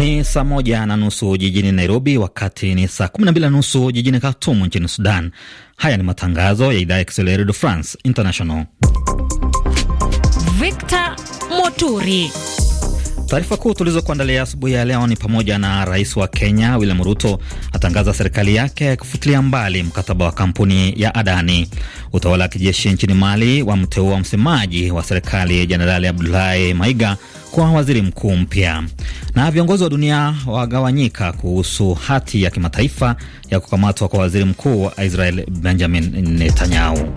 Ni saa moja na nusu jijini Nairobi, wakati ni saa kumi na mbili na nusu jijini Khartoum nchini Sudan. Haya ni matangazo ya idhaa ya Kiswahili ya Redio France International. Victor Moturi. Taarifa kuu tulizokuandalia asubuhi ya leo ni pamoja na rais wa Kenya William Ruto atangaza serikali yake kufutilia mbali mkataba wa kampuni ya Adani. Utawala wa kijeshi nchini Mali wamteua msemaji wa serikali Jenerali Abdulahi Maiga kwa waziri mkuu mpya. Na viongozi wa dunia wagawanyika kuhusu hati ya kimataifa ya kukamatwa kwa waziri mkuu wa Israel Benjamin Netanyahu.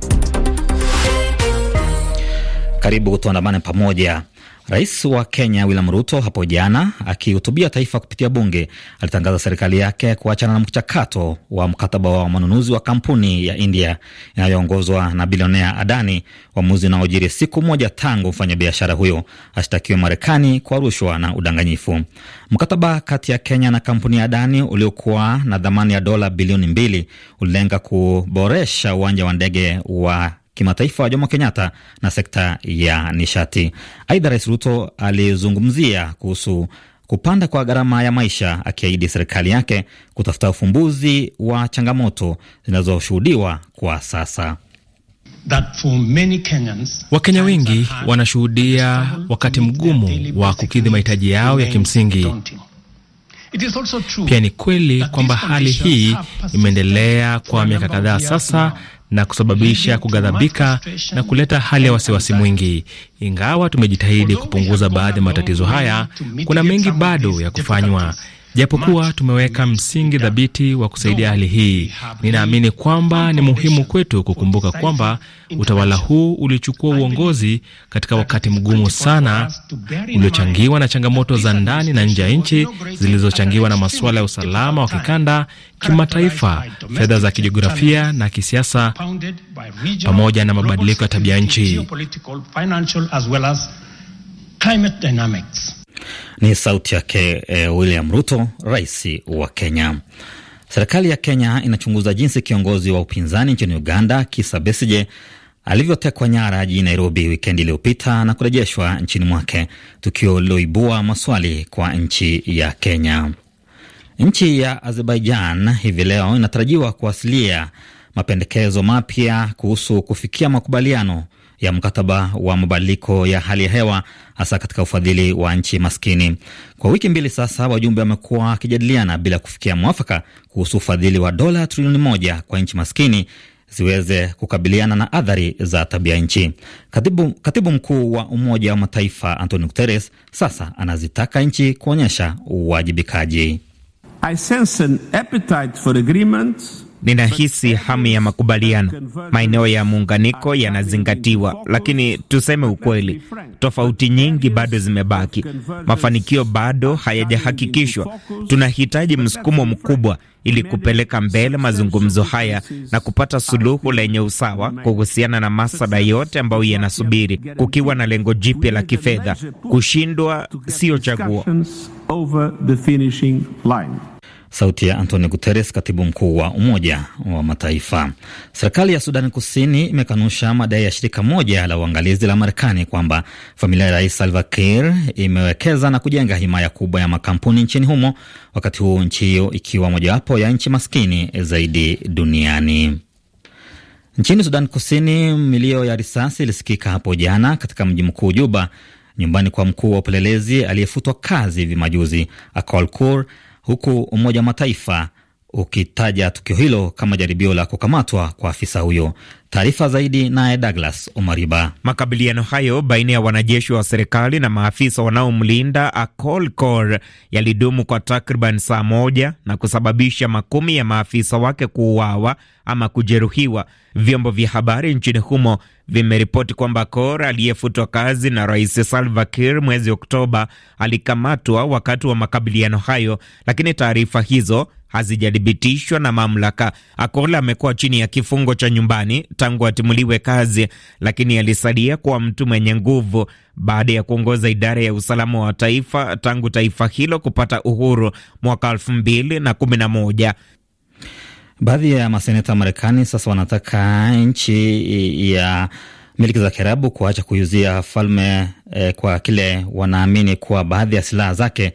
Karibu tuandamane pamoja. Rais wa Kenya William Ruto hapo jana akihutubia taifa kupitia bunge alitangaza serikali yake kuachana na mchakato wa mkataba wa manunuzi wa kampuni ya India inayoongozwa na bilionea Adani, uamuzi unaojiri siku moja tangu mfanyabiashara huyo ashtakiwe Marekani kwa rushwa na udanganyifu. Mkataba kati ya Kenya na kampuni ya Adani uliokuwa na thamani ya dola bilioni mbili ulilenga kuboresha uwanja wa ndege wa kimataifa wa Jomo Kenyatta na sekta ya nishati. Aidha, Rais Ruto alizungumzia kuhusu kupanda kwa gharama ya maisha, akiahidi serikali yake kutafuta ufumbuzi wa changamoto zinazoshuhudiwa kwa sasa. Wakenya wengi wanashuhudia wakati mgumu wa kukidhi mahitaji yao ya kimsingi. Pia ni kweli kwamba hali hii imeendelea kwa miaka kadhaa sasa na kusababisha kughadhabika na kuleta hali ya wasiwasi mwingi. Ingawa tumejitahidi kupunguza baadhi ya matatizo haya, kuna mengi bado ya kufanywa. Japokuwa tumeweka msingi dhabiti wa kusaidia hali hii, ninaamini kwamba ni muhimu kwetu kukumbuka kwamba utawala huu ulichukua uongozi katika wakati mgumu sana uliochangiwa na changamoto za ndani na nje ya nchi zilizochangiwa na masuala ya usalama wa kikanda, kimataifa, fedha za kijiografia na kisiasa, pamoja na mabadiliko ya tabia nchi. Ni sauti yake eh, William Ruto, rais wa Kenya. Serikali ya Kenya inachunguza jinsi kiongozi wa upinzani nchini Uganda kisa besije alivyotekwa nyara jijini Nairobi wikendi iliyopita na kurejeshwa nchini mwake, tukio liloibua maswali kwa nchi ya Kenya. Nchi ya Azerbaijan hivi leo inatarajiwa kuwasilia mapendekezo mapya kuhusu kufikia makubaliano ya mkataba wa mabadiliko ya hali ya hewa hasa katika ufadhili wa nchi maskini. Kwa wiki mbili sasa, wajumbe wamekuwa wakijadiliana bila kufikia mwafaka kuhusu ufadhili wa dola trilioni moja kwa nchi maskini ziweze kukabiliana na athari za tabia nchi. Katibu, katibu mkuu wa Umoja wa Mataifa Antonio Guterres sasa anazitaka nchi kuonyesha uwajibikaji. I sense an appetite for agreement Ninahisi hamu ya makubaliano, maeneo ya muunganiko yanazingatiwa, lakini tuseme ukweli, tofauti nyingi bado zimebaki, mafanikio bado hayajahakikishwa. Tunahitaji msukumo mkubwa ili kupeleka mbele mazungumzo haya na kupata suluhu lenye usawa kuhusiana na masada yote ambayo yanasubiri, kukiwa na lengo jipya la kifedha. Kushindwa sio chaguo. Sauti ya Antonio Guterres, katibu mkuu wa Umoja wa Mataifa. Serikali ya Sudani Kusini imekanusha madai ya shirika moja la uangalizi la Marekani kwamba familia ya rais Salva Kiir imewekeza na kujenga himaya kubwa ya makampuni nchini humo, wakati huu nchi hiyo ikiwa mojawapo ya nchi maskini zaidi duniani. Nchini Sudan Kusini, milio ya risasi ilisikika hapo jana katika mji mkuu Juba, nyumbani kwa mkuu wa upelelezi aliyefutwa kazi hivi majuzi Akol Kur huku Umoja wa Mataifa ukitaja tukio hilo kama jaribio la kukamatwa kwa afisa huyo. Taarifa zaidi naye Douglas Omariba. Makabiliano hayo baina ya wanajeshi wa serikali na maafisa wanaomlinda Akol Kor yalidumu kwa takriban saa moja na kusababisha makumi ya maafisa wake kuuawa ama kujeruhiwa. Vyombo vya habari nchini humo vimeripoti kwamba Kor aliyefutwa kazi na Rais Salva Kiir mwezi Oktoba alikamatwa wakati wa makabiliano hayo, lakini taarifa hizo hazijathibitishwa na mamlaka. Akola amekuwa chini ya kifungo cha nyumbani tangu atimuliwe kazi, lakini alisalia kuwa mtu mwenye nguvu baada ya kuongoza idara ya usalama wa taifa tangu taifa hilo kupata uhuru mwaka elfu mbili na kumi na moja. Baadhi ya maseneta wa Marekani sasa wanataka nchi ya miliki za Kiarabu kuacha kuiuzia falme eh, kwa kile wanaamini kuwa baadhi ya silaha zake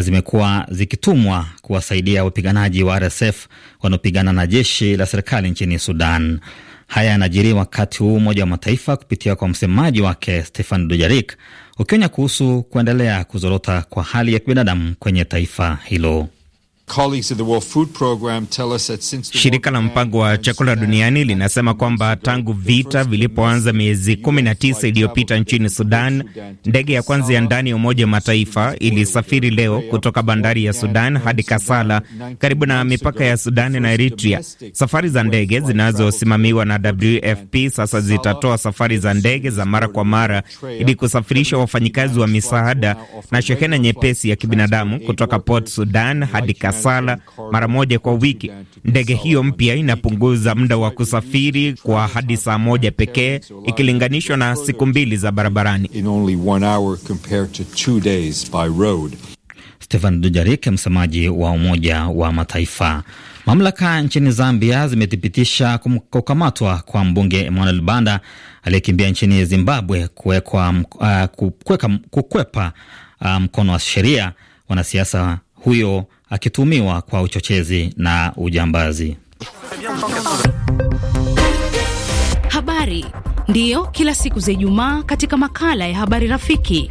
zimekuwa zikitumwa kuwasaidia wapiganaji wa RSF wanaopigana na jeshi la serikali nchini Sudan. Haya yanajiri wakati huu Umoja wa Mataifa kupitia kwa msemaji wake Stefan Dujarik ukionya kuhusu kuendelea kuzorota kwa hali ya kibinadamu kwenye taifa hilo. Shirika la mpango wa chakula duniani linasema kwamba tangu vita vilipoanza miezi 19 iliyopita nchini Sudan, ndege ya kwanza ya ndani ya Umoja wa Mataifa ilisafiri leo kutoka bandari ya Sudan hadi Kasala karibu na mipaka ya Sudan na Eritrea. Safari za ndege zinazosimamiwa na WFP sasa zitatoa safari za ndege za mara kwa mara ili kusafirisha wafanyikazi wa misaada na shehena nyepesi ya kibinadamu kutoka Port Sudan hadi Kasala sala mara moja kwa wiki. Ndege hiyo mpya inapunguza muda wa kusafiri kwa hadi saa moja pekee ikilinganishwa na siku mbili za barabarani. Stefan Dujarik, msemaji wa Umoja wa Mataifa. Mamlaka nchini Zambia zimethibitisha kukamatwa kwa mbunge Emmanuel Banda aliyekimbia nchini Zimbabwe uh, kukweka, kukwepa uh, mkono wa sheria. Wanasiasa huyo akituhumiwa kwa uchochezi na ujambazi. Habari ndiyo kila siku za Ijumaa katika makala ya Habari Rafiki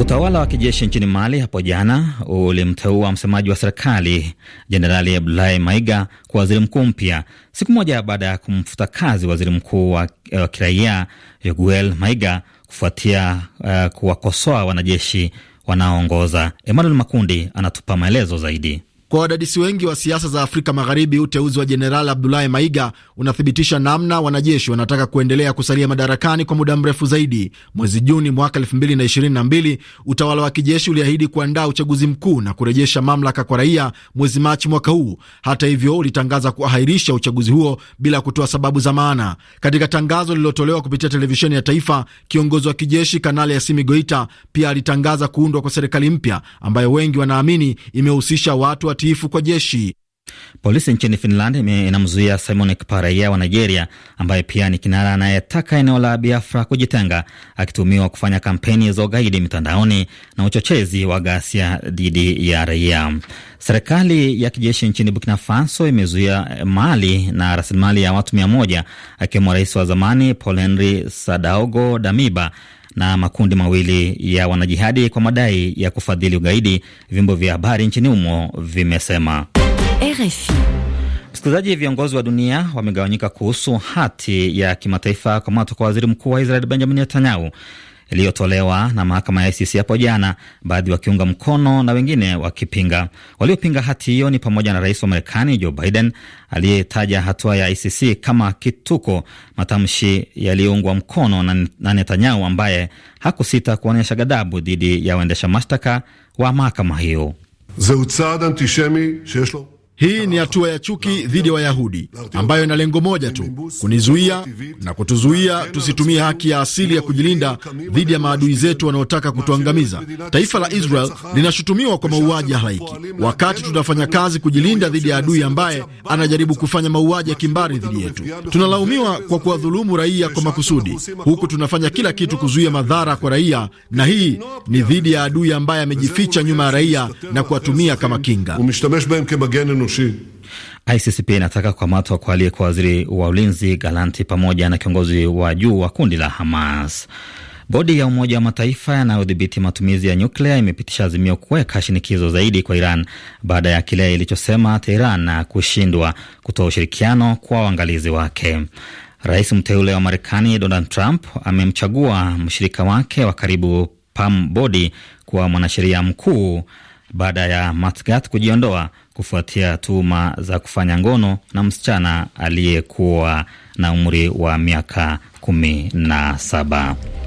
Utawala wa kijeshi nchini Mali hapo jana ulimteua msemaji wa serikali Jenerali Abdulahi Maiga kwa waziri mkuu mpya siku moja baada ya kumfuta kazi waziri mkuu wa uh, kiraia Yoguel Maiga kufuatia uh, kuwakosoa wanajeshi wanaoongoza. Emmanuel Makundi anatupa maelezo zaidi. Kwa wadadisi wengi wa siasa za Afrika Magharibi, uteuzi wa Jenerali Abdulahi Maiga unathibitisha namna wanajeshi wanataka kuendelea kusalia madarakani kwa muda mrefu zaidi. Mwezi Juni mwaka 2022 utawala wa kijeshi uliahidi kuandaa uchaguzi mkuu na kurejesha mamlaka kwa raia mwezi Machi mwaka huu. Hata hivyo, ulitangaza kuahirisha uchaguzi huo bila kutoa sababu za maana. Katika tangazo lililotolewa kupitia televisheni ya taifa, kiongozi wa kijeshi Kanali Assimi Goita pia alitangaza kuundwa kwa serikali mpya ambayo wengi wanaamini imehusisha watu wa utiifu kwa jeshi. Polisi nchini Finland inamzuia Simon Ekpa, wa Nigeria ambaye pia ni kinara anayetaka eneo la Biafra kujitenga, akitumiwa kufanya kampeni za ugaidi mitandaoni na uchochezi wa ghasia dhidi ya raia. Serikali ya kijeshi nchini Burkina Faso imezuia mali na rasilimali ya watu mia moja akiwemo rais wa zamani Paul Henri Sadaogo Damiba na makundi mawili ya wanajihadi kwa madai ya kufadhili ugaidi, vyombo vya habari nchini humo vimesema. RFI. Msikilizaji, viongozi wa dunia wamegawanyika kuhusu hati ya kimataifa kukamatwa kwa waziri mkuu wa Israel Benjamin Netanyahu iliyotolewa na mahakama ya ICC hapo jana, baadhi wakiunga mkono na wengine wakipinga. Waliopinga hati hiyo ni pamoja na rais wa Marekani Joe Biden aliyetaja hatua ya ICC kama kituko, matamshi yaliyoungwa mkono na Netanyahu ambaye hakusita kuonyesha ghadhabu dhidi ya waendesha mashtaka wa mahakama hiyo. Hii ni hatua ya chuki dhidi ya Wayahudi ambayo ina lengo moja tu, kunizuia na kutuzuia tusitumie haki ya asili ya kujilinda dhidi ya maadui zetu wanaotaka kutuangamiza. Taifa la Israel linashutumiwa kwa mauaji ya halaiki, wakati tunafanya kazi kujilinda dhidi ya adui ambaye anajaribu kufanya mauaji ya kimbari dhidi yetu. Tunalaumiwa kwa kuwadhulumu raia kwa makusudi, huku tunafanya kila kitu kuzuia madhara kwa raia, na hii ni dhidi ya adui ambaye amejificha nyuma ya raia na kuwatumia kama kinga. ICC pia inataka kukamatwa kwa aliyekuwa waziri wa ulinzi Galanti pamoja na kiongozi wa juu wa kundi la Hamas. Bodi ya Umoja wa Mataifa yanayodhibiti matumizi ya nyuklia imepitisha azimio kuweka shinikizo zaidi kwa Iran baada ya kile ilichosema Teheran na kushindwa kutoa ushirikiano kwa uangalizi wake. Rais mteule wa Marekani Donald Trump amemchagua mshirika wake wa karibu Pam Bodi kuwa mwanasheria mkuu baada ya Matt Gaetz kujiondoa kufuatia tuhuma za kufanya ngono na msichana aliyekuwa na umri wa miaka kumi na saba.